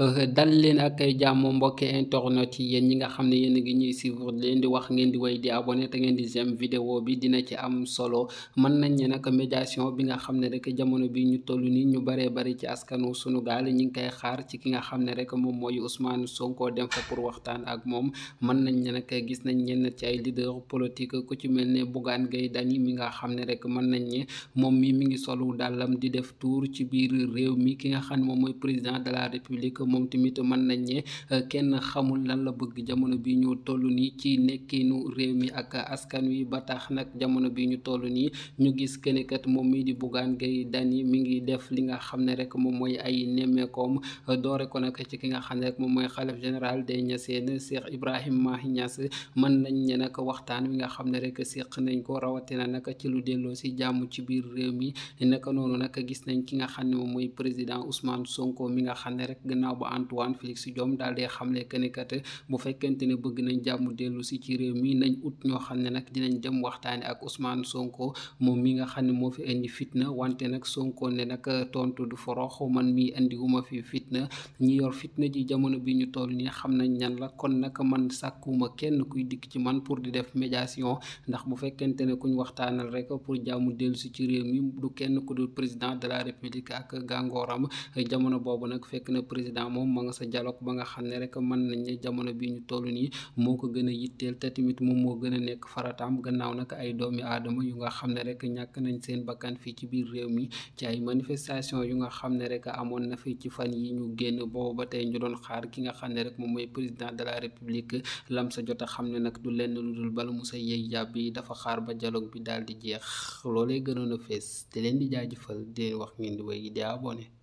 Euh, dal leen ak jàmm mbokki internet yi yéen ñi nga xam ne yéen a ngi ñuy suivre leen di wax ngeen di way di abonné te ngeen di j'aime vidéo bi dina ci am solo mën nañ ne nag médiation bi nga xam ne rek jamono bi ñu toll nii ñu baree bari ci askanu sunu gaal ñi ngi koy xaar ci ki nga xam ne rek moom mooy Ousmane Sonko dem pour waxtaan ak moom mën nañ ne nag gis nañ ñenn ci ay leader politique ku ci mel ne Bougane Gueye Dany mi nga xam ne rek mën nañ ne moom mii mu ngi solo dàllam di def tour ci biir réew mi ki nga xam ne moom mooy président de la république moom tamit mën nañ ne euh, kenn xamul lan la bëgg jamono bi ñu toll nii ci nekkinu réew mi ak askan wi ba tax nag jamono bi ñu toll nii ñu gis kenn kat moom mii di Bougane Gueye Dany mi ngi def li nga xam ne rek moom mooy ay nemmeekoom euh, doore ko nag ci ki nga xam ne rek moom mooy xalif général des Niassènes Cheikh Ibrahim Mahi Niass mën nañ ne nag waxtaan wi nga xam ne rek séq nañ ko na nag ci lu delloo si jàmm ci biir réew mi naka noonu nag gis nañ ki nga xam ne mooy président Ousmane Sonko mi nga xam gouvernement bu Antoine Félix Diome daal xamle que bu fekkente ne bëgg nañ jàmm dellu si ci réew mii nañ ut ñoo xam ne nag dinañ dem waxtaane ak Ousmane Sonko moom mi nga xam ne moo fi indi fitna wante nag Sonko ne nag tontu du forox man mi indi wuma fi fitna ñi yor fitna ji jamono bi ñu toll nii xam nañ ñan la kon nag man sàkkuma kenn kuy dikk ci man pour di def médiation ndax bu fekkente ne kuñ waxtaanal rek pour jàmm dellu si ci réew mi du kenn ku dul président de la président moom ma nga sa dialogue ba nga xam ne rek mën nañ ne jamono bi ñu toll nii moo ko gën a yitteel te tamit moom moo gën a nekk farataam gannaaw nag ay doomi aadama yu nga xam ne rek ñàkk nañ seen bakkan fii ci biir réew mi ci ay manifestation yu nga xam ne rek amoon na fi ci fan yi ñu génn boobu ba tey ñu doon xaar ki nga xam ne rek moom mooy président de la république lam sa jot a xam ne nag du lenn lu dul bala mu sa yëy yàbb yi dafa xaar ba dialogue bi daal di jeex loolee gënoon a